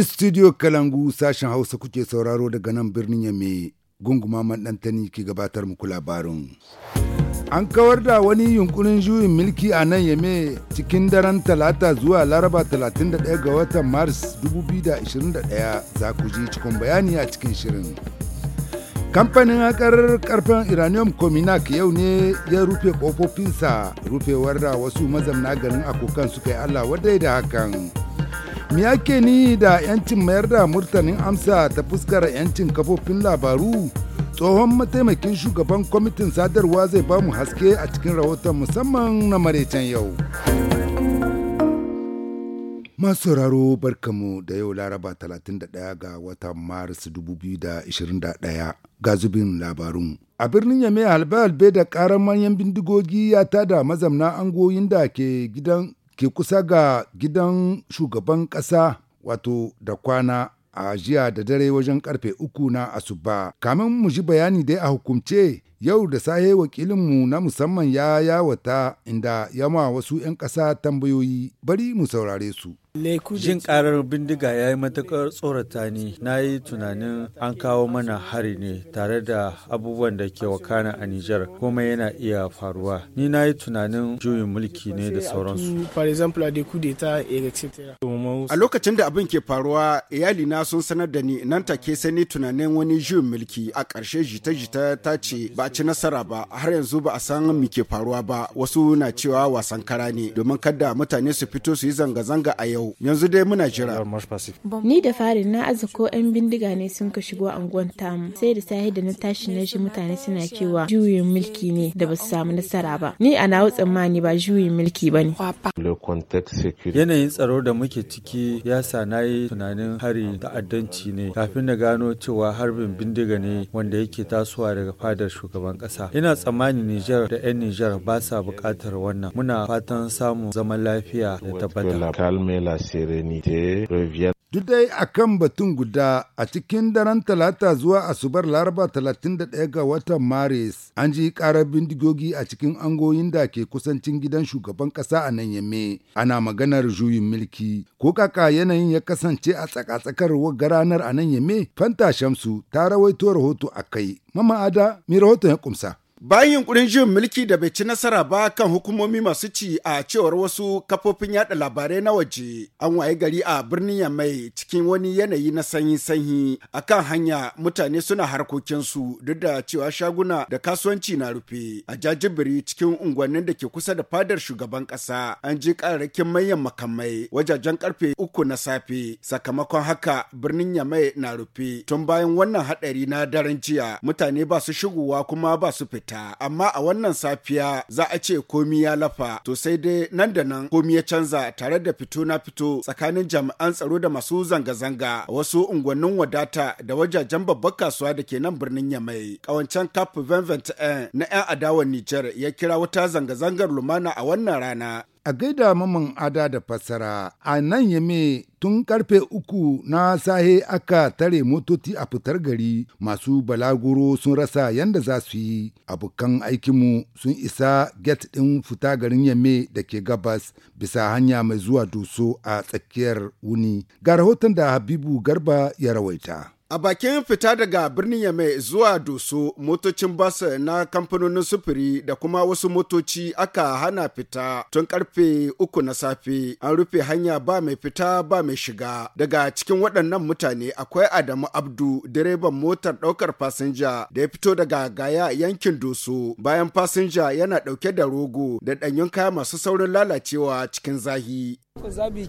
Studio Kalangu sashen Hausa kuke sauraro daga nan birnin Yame gunguma maɗantani ke gabatar muku labarin. An kawar da wani yunkurin juyin milki a nan mai, cikin daren talata zuwa laraba 31 ga watan Maris 2021 za ku ji cikin bayani a cikin shirin. kamfanin haƙar karfen iranium cominac yau ne ya rufe ƙofofinsa rufewar da wasu mazamna garin akokan suka yi allah wadai da hakan Me ake ni da 'yancin mayar da murtanin amsa ta fuskar 'yancin kafofin labaru? Tsohon mataimakin shugaban kwamitin sadarwa zai ba mu haske a cikin rahoton musamman na maraicen yau. Masu sauraro barkamu da yau Laraba 31 ga watan Maris 2021 ga zubin labarun. A birnin yamai albe halbe da ƙaramar manyan bindigogi ya tada mazamna angoyin da ke gidan ke kusa ga gidan shugaban ƙasa wato da kwana a jiya da dare wajen karfe uku na asuba. Kamin mu ji bayani dai a hukumce Yau da sahe wakilinmu na musamman ya yawata inda yama wasu 'yan ƙasa tambayoyi bari mu saurare su. Jin karar bindiga ya yi matuƙar tsorata ni na yi tunanin an kawo mana hari ne tare da abubuwan da ke wakana a Nijar kuma yana iya faruwa. Ni na yi tunanin juyin mulki ne da sauransu. A lokacin da abin ke faruwa iyalina sun sanar da ni nan take sai ni tunanin wani juyin mulki a karshe jita-jita ta ce ba ci nasara ba har yanzu ba a san mi ke faruwa ba wasu na cewa wasan kara ne domin kada mutane su fito su yi zanga-zanga a yau yanzu dai muna jira. Ni da farin na aza ko 'yan bindiga ne sun ka shigo anguwan tamu sai da sahi da na tashi na shi mutane suna cewa juyin mulki ne da ba su samu nasara ba. Ni a nawa tsammani ba juyin mulki ba ne. Yanayin tsaro da muke ciki ya sa na yi tunanin hari ta'addanci ne kafin na gano cewa harbin bindiga ne wanda yake tasowa daga fadar shugaban. shugaban kasa ina tsammanin niger da 'yan niger ba sa bukatar wannan muna fatan samun zaman lafiya da tabbata Duk dai a kan batun guda a cikin daren talata zuwa asubar laraba 31 ga watan Maris an ji karar bindigogi a cikin angoyin da ke kusancin gidan shugaban kasa a nan yamme ana maganar juyin milki. ko kaka yanayin ya kasance a tsakatsakar ranar a nan yamme fanta shamsu ta rawaito rahoto a kai mama ada mai rahoton ya kumsa. Bayan yunkurin jin mulki da bai ci nasara ba kan hukumomi masu ci a cewar wasu kafofin yada labarai na waje an waye gari a birnin Yamai cikin wani yanayi na sanyi-sanyi a kan hanya mutane suna harkokinsu duk da cewa shaguna da kasuwanci na rufe a jajibiri cikin unguwannin da ke kusa da fadar shugaban ƙasa an ji kararrakin manyan makamai wajajen karfe uku na safe sakamakon haka birnin Yamai na rufe tun bayan wannan hadari na daren jiya mutane ba su shigowa kuma ba su fita. ta amma a wannan safiya za a ce komi ya lafa to sai dai nan da nan komi ya canza tare da fito na fito tsakanin jami'an tsaro da masu zanga-zanga a wasu unguwannin wadata da wajajen babbar kasuwa da ke nan birnin Yamai. Kawancen CAP 2021 na 'yan adawan Nijar ya kira wata zanga-zangar lumana a wannan rana A gaida maman ada da fassara a nan yame tun karfe uku na sahe aka tare motoci a fitar gari masu balaguro sun rasa yadda za su yi abokan aikinmu sun isa get ɗin fita garin yame da ke gabas bisa hanya mai zuwa doso a tsakiyar wuni ga rahoton da habibu garba ya rawaita. A bakin fita daga birnin Yamai zuwa Doso, motocin bas na kamfanonin sufuri da kuma wasu motoci aka hana fita tun karfe uku na safe. An rufe hanya ba mai fita ba mai shiga. Daga cikin waɗannan mutane akwai Adamu Abdu, direban motar ɗaukar fasinja da ya fito daga Gaya yankin Doso. Bayan fasinja yana ɗauke da rogo da ɗanyen kaya masu saurin lalacewa cikin zahi.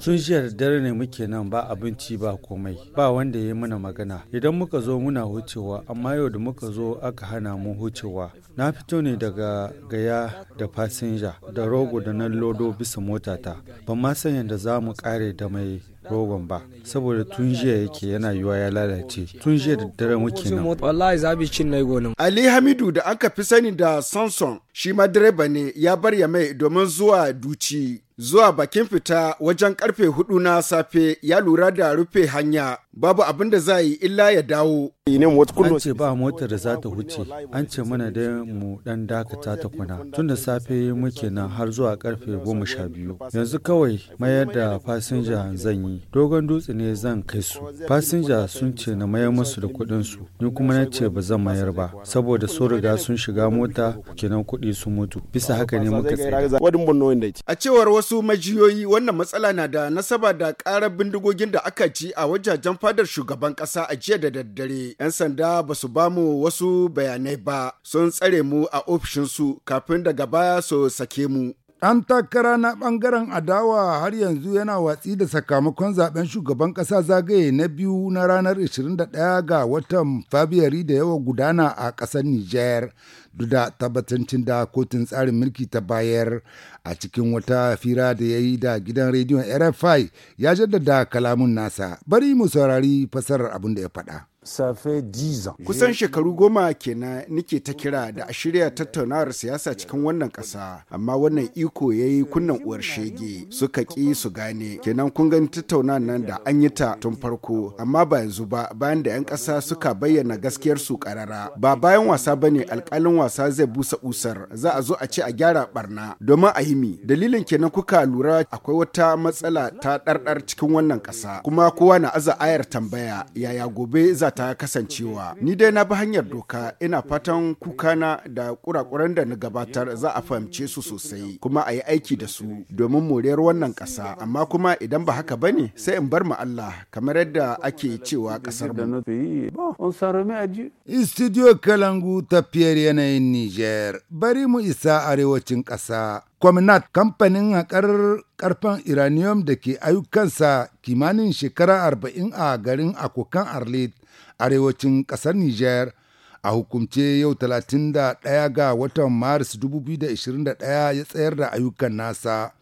Tun shiyar dare ne muke nan ba abinci ba komai ba wanda ya yi mana magana idan muka zo muna hucewa amma yau da muka zo aka hana mu hucewa na fito ne daga gaya da fasinja da rogo da nan lodo bisa motata ban ma san yadda za mu kare da mai rogon ba saboda tun jiya yake yana yiwa ya lalace tun jiya da dare muke nan wallahi zabi cin na gonin Ali Hamidu da aka fi sani da Samson shi ma direba ne ya bar ya mai domin zuwa Duci zuwa bakin fita wajen karfe hudu na safe ya lura da rufe hanya babu abin da za yi illa ya dawo. An ce ba motar da za ta huce an ce mana da mu dan dakata ta kuna. Tun da safe muke nan har zuwa karfe goma sha biyu. Yanzu kawai mayar da fasinja zan yi. Dogon dutse ne zan kai su. Fasinja sun ce na mayar musu da kuɗin su. Ni kuma na ce ba zan mayar ba, saboda sun riga sun shiga mota kenan kuɗi su mutu. Bisa haka ne muka tsaye. A cewar wasu majiyoyi wannan matsala na da nasaba da karar bindigogin da aka ci a wajajen fadar shugaban kasa a jiya da daddare. 'Yan sanda ba su ba mu wasu bayanai ba sun tsare mu a ofishinsu kafin daga baya su sake mu. Ɗan takara na ɓangaren adawa har yanzu yana watsi da sakamakon zaben shugaban ƙasa zagaye na biyu na ranar 21 ga watan Fabiyari da yawa gudana a ƙasar Nijar duk da tabbatancin da kotun tsarin mulki ta bayar a cikin wata fira da ya yi da gidan rediyon RFI ya jaddada kalamun nasa. Bari mu saurari fasarar abin da ya faɗa. Safe Kusan shekaru goma kenan nike ta kira da a shirya tattaunawar siyasa cikin wannan ƙasa, amma wannan iko ya yi kunnan uwar shege suka ƙi su gane. Kenan kun gani tattaunawar nan da an yi ta tun farko, amma ba yanzu ba bayan da 'yan ƙasa suka bayyana gaskiyar su ƙarara. Ba bayan wasa ba ne alƙalin wasa zai busa usar, za a zo a ce a gyara barna domin a himi. Dalilin kenan kuka lura akwai wata matsala ta ɗarɗar cikin wannan ƙasa, kuma kowa na aza ayar tambaya yaya gobe za ta kasancewa ni dai na bi hanyar doka ina fatan kukana da kurakuran da na gabatar za a fahimce su sosai kuma a yi aiki da su domin moriyar wannan kasa amma kuma idan ba haka bane sai in bar mu Allah kamar yadda ake cewa ƙasar mu Studio Kalangu tafiyar yanayin Niger bari mu isa arewacin kasa Kwaminat kamfanin haƙar ƙarfen Iranium da ke ayyukansa kimanin shekara arba'in a garin Akokan Arlit arewacin ƙasar Nijar a hukumce yau 31 ga watan Maris 2021 ya tsayar da ayyukan nasa.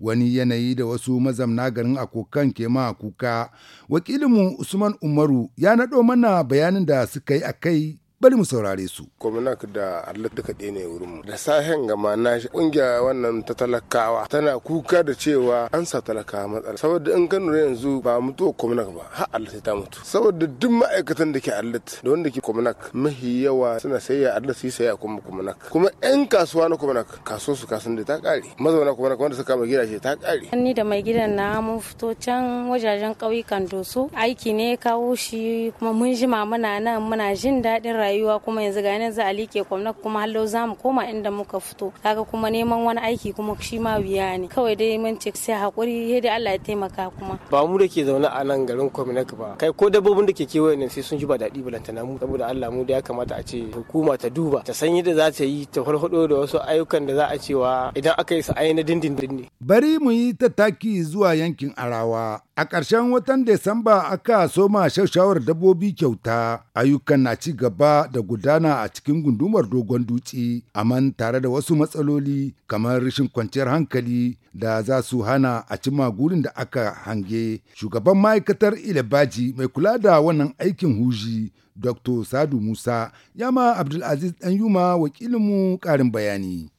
Wani yanayi da wasu mazamna garin akokan ke ma kuka. Wakilinmu Usman Umaru ya naɗo mana bayanin da suka yi a kai bari mu saurare su. Kwaminak da Allah duka ɗaya ne wurin Da sahen gama na ƙungiya wannan ta talakawa tana kuka da cewa an sa talakawa matsala. Saboda in kan lura yanzu ba mutuwa Kwaminak ba har Arlet ta mutu. Saboda duk ma'aikatan da ke Allah da wanda ke Kwaminak mahi yawa suna sayya Allah su yi sayya kuma Kwaminak. Kuma 'yan kasuwa na Kwaminak kasuwa su kasan da ta ƙare. Mazauna Kwaminak wanda suka kama ce ta ƙare. Ni da mai gidan na mun fito can wajajen ƙauyukan doso aiki ne kawo shi kuma mun jima muna nan muna jin daɗin rayuwa. rayuwa kuma yanzu ga yanzu za a liƙe kwamna kuma hallo za mu koma inda muka fito kaga kuma neman wani aiki kuma shi ma biya ne kawai dai mun ce sai hakuri sai Allah ya taimaka kuma ba mu da ke zaune a nan garin kwamnak ba kai ko dabbobin da ke kewaye ne sai sun ji ba daɗi balantana mu saboda Allah mu da ya kamata a ce hukuma ta duba ta san yadda za ta yi ta farfado da wasu ayyukan da za a cewa idan aka yi su ainihin dindindin ne bari mu yi taki zuwa yankin arawa A ƙarshen watan Desamba aka soma shaushawar dabbobi kyauta, ayyukan na ci gaba da gudana a cikin gundumar dogon dutse, amma tare da wasu matsaloli kamar rashin kwanciyar hankali da za su hana a cima gurin da aka hange. Shugaban ma'aikatar Ilabaji mai kula da wannan aikin huji, Dr. Sadu Musa, ya ma Abdulaziz Danyuma wakilinmu ƙarin bayani.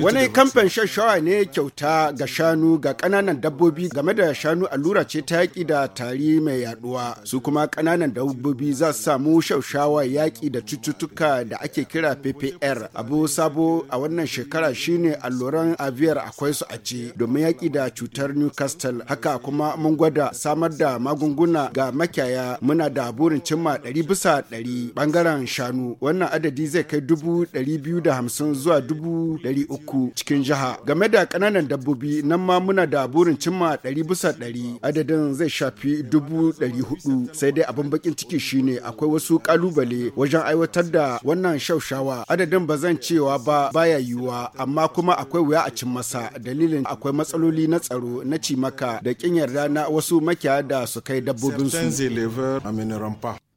Wani kamfan shashawa ne kyauta ga shanu ga kananan dabbobi game da shanu allura ce ta yaƙi da tari mai yaduwa su kuma kananan dabbobi za su samu shashawa yaƙi da cututtuka da ake kira PPR. Abu sabo a wannan shekara shine alluran aviyar akwai su a ce domin yaƙi da cutar Newcastle. Haka kuma mun gwada samar da magunguna ga makiyaya muna da burin cimma ɗari bisa ɗari bangaren shanu wannan adadi zai kai dubu zuwa zuwa dubu ɗari uku cikin jiha. Game da ƙananan dabbobi nan ma muna da burin cimma ɗari bisa ɗari adadin zai shafi dubu ɗari hudu sai dai abin bakin ciki shine akwai wasu ƙalubale wajen aiwatar da wannan shaushawa adadin ba zan cewa ba baya yiwuwa amma kuma akwai wuya a cin masa dalilin akwai matsaloli na tsaro na cimaka da kin yarda na wasu makiya da su kai dabbobinsu.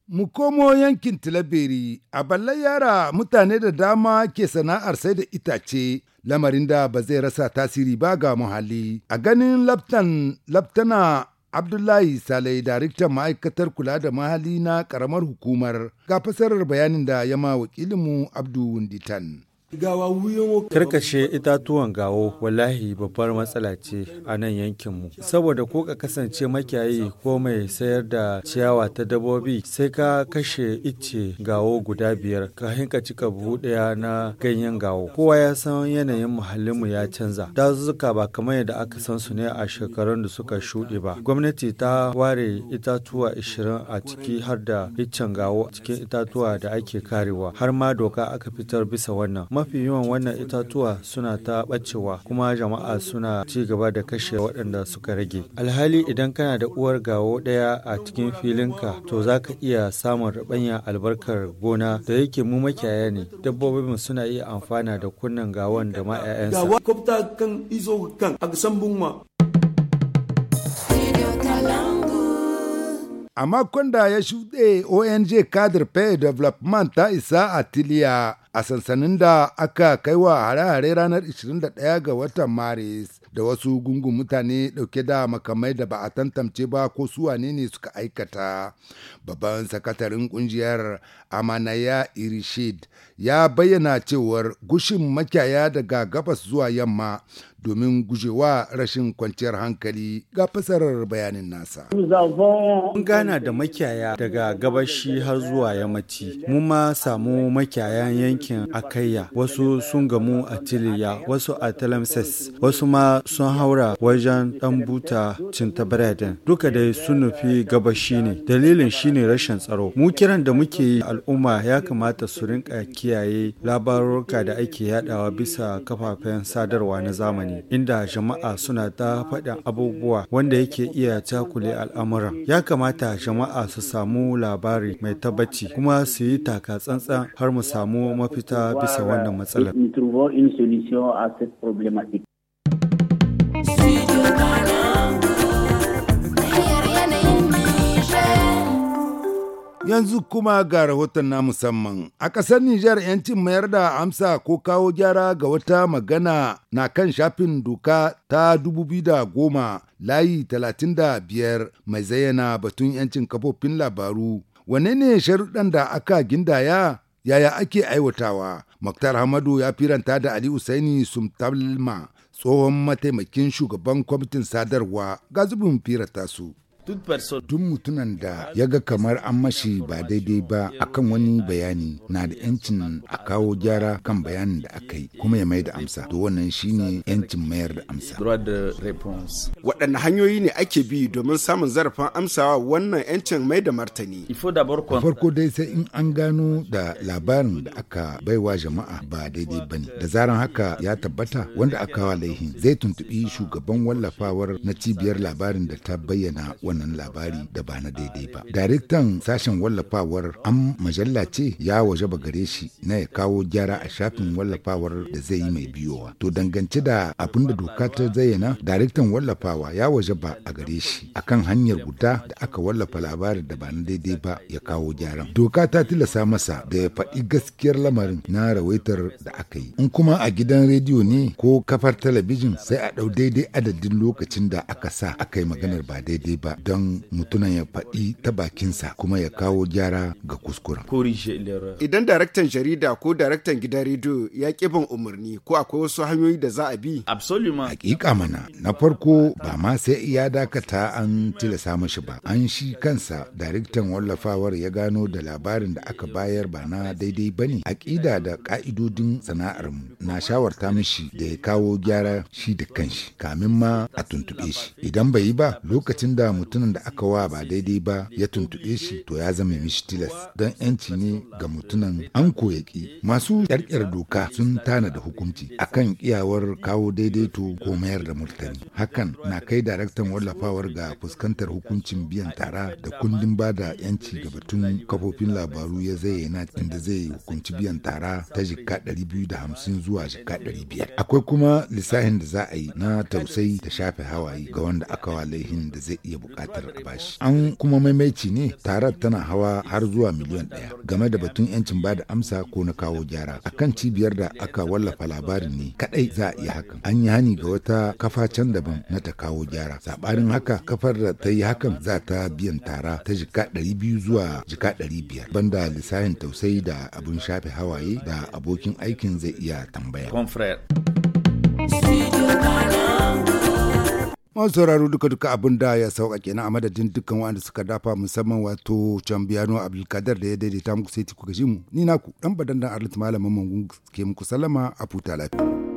Mu komo yankin Tilaberi, a balle yara mutane da dama ke sana'ar sai da itace, lamarin da ba zai rasa tasiri ba ga muhalli. A ganin laftan, laftana Abdullahi Salai, daraktan ma'aikatar kula da muhalli na ƙaramar hukumar, ga fasarar bayanin da yama wakilinmu Abdu Wunditan. Karkashe itatuwan gawo wallahi babbar matsala ce a nan yankinmu. Saboda ko ka kasance makiyayi ko mai sayar da ciyawa ta dabobi sai ka kashe icce gawo guda biyar ka hinka cika buhu ɗaya na ganyen gawo. Kowa ya san yanayin muhallinmu ya canza. Dazuzzuka ba kamar yadda aka san su ne a shekarun da suka shuɗe ba. Gwamnati ta ware itatuwa ashirin a ciki har da iccen gawo a cikin itatuwa da ake karewa har ma doka aka fitar bisa wannan. mafi yawan wannan itatuwa suna ta bacewa kuma jama'a suna ci gaba da kashe waɗanda suka rage alhali idan kana da uwar gawo ɗaya a cikin filin ka to za ka iya samun rabanya albarkar gona da yake mu makiyaya ne dabbobin suna iya amfana da kunnen gawon da ma 'ya'yansa a makon da ya shuɗe ong cadre pay development ta isa a tiliya a sansanin da aka kai wa hare-hare ranar 21 ga watan maris da wasu gungun mutane dauke da makamai da ba a tantance ba ko su wane ne suka aikata babban sakatarin kungiyar amanaya irishid ya bayyana cewar gushin makiyaya daga gabas zuwa yamma domin gujewa rashin kwanciyar hankali ga fasarar bayanin nasa. Mun gana da makiyaya daga gabashi har zuwa yammaci, mun ma samu makiyayan yankin Akayya, wasu sun gamu a Tiliya, wasu a Talamses, wasu ma sun haura wajen ɗan buta cinta biredin duka dai sun nufi gabashi ne dalilin shine rashin tsaro mu kiran da muke yi al'umma ya kamata su rinka kiyaye labaruka da ake yadawa bisa kafafen sadarwa na zamani inda jama'a suna ta faɗin abubuwa wanda yake iya cakule al'amura, ya kamata jama'a su samu labari mai tabbaci kuma su yi taka tsantsan har mu samu mafita bisa wannan matsalar. Yanzu kuma ga rahoton na musamman, a ƙasar Nijar 'yancin mayar da amsa ko kawo gyara ga wata magana na kan shafin doka ta 2010 layi 35 mai zayyana batun 'yancin kafofin labaru. Wane ne sharuɗan da aka gindaya yaya ake aiwatawa? Muktar Hamadu ya firanta da Ali Usaini Sumtalma tsohon mataimakin shugaban kwamitin sadarwa ga zubin fira tasu. Duk mutumin da ya ga kamar an mashi ba daidai ba a kan wani bayani na da yancin a kawo gyara kan bayanin da aka yi kuma ya mai da amsa. To wannan shine yancin mayar da amsa. Waɗanne hanyoyi ne ake bi domin samun zarafin amsawa wannan yancin mai da martani? Farko dai sai in an gano da labarin da aka baiwa jama'a ba daidai ba ne. Da zaran haka ya tabbata wanda aka laihin zai tuntuɓi shugaban wallafawar na cibiyar labarin da ta bayyana wannan labari da ba na daidai ba daraktan sashen wallafawar an majalla ce ya waje ba gare shi na ya kawo gyara a shafin wallafawar da zai yi mai biyowa to dangance da abin da doka ta zayyana daraktan wallafawa ya waje ba a gare shi akan hanyar guda da aka wallafa labarin da ba na daidai ba ya kawo gyaran doka ta tilasa masa da ya faɗi gaskiyar lamarin na rawaitar da aka yi in kuma a gidan rediyo ne ko kafar talabijin sai a ɗau daidai adadin lokacin da aka sa aka yi maganar ba daidai ba don mutunan ya faɗi ta bakinsa kuma ya kawo gyara ga kuskuren. Idan daraktan jarida ko daraktan gidan rediyo ya ƙi bin umarni ko akwai wasu hanyoyi da za a bi? Hakika mana na farko ba ma sai iya dakata an tilasa mashi ba an shi kansa daraktan wallafawar ya gano da labarin da aka bayar ba na daidai ba ne aƙida da ƙa'idodin mu na shawarta mishi da ya kawo gyara shi da kanshi kamin ma a tuntuɓe shi idan bai yi ba lokacin da mutum mutumin da aka wa ba daidai ba ya tuntuɓe shi to ya zama mishi tilas don yanci ne ga mutumin an koyaki masu ƙyarƙyar doka sun tana da hukunci akan iyawar kawo daidaito ko mayar da murtani hakan na kai daraktan wallafawar ga fuskantar hukuncin biyan tara da kundin ba da yanci ga batun kafofin labaru ya zayyana inda zai hukunci biyan tara ta jika hamsin zuwa jika 500 akwai kuma lissahin da za a yi na tausayi da shafe hawaye ga wanda aka wa laihin da zai iya buƙata buƙatar bashi an kuma maimaici ne tarar tana hawa har zuwa miliyan ɗaya game da batun yancin ba da amsa ko na kawo gyara a kan cibiyar da aka wallafa labarin ne kadai za a iya hakan an yi hani ga wata kafa can daban na ta kawo gyara saɓanin haka kafar da ta yi hakan za ta biyan tara ta jika ɗari biyu zuwa jika ɗari biyar banda lissafin tausayi da abun shafe hawaye da abokin aikin zai iya tambaya. Confrère. masu sauraro duka duka abin da ya sauƙaƙe na a madadin dukkan waɗanda suka dafa musamman wato cambiano abdulkadar da ya daidaita muku sai ku gaji mu ni naku dan badan dan arlit mangun ke muku sallama a futa lafiya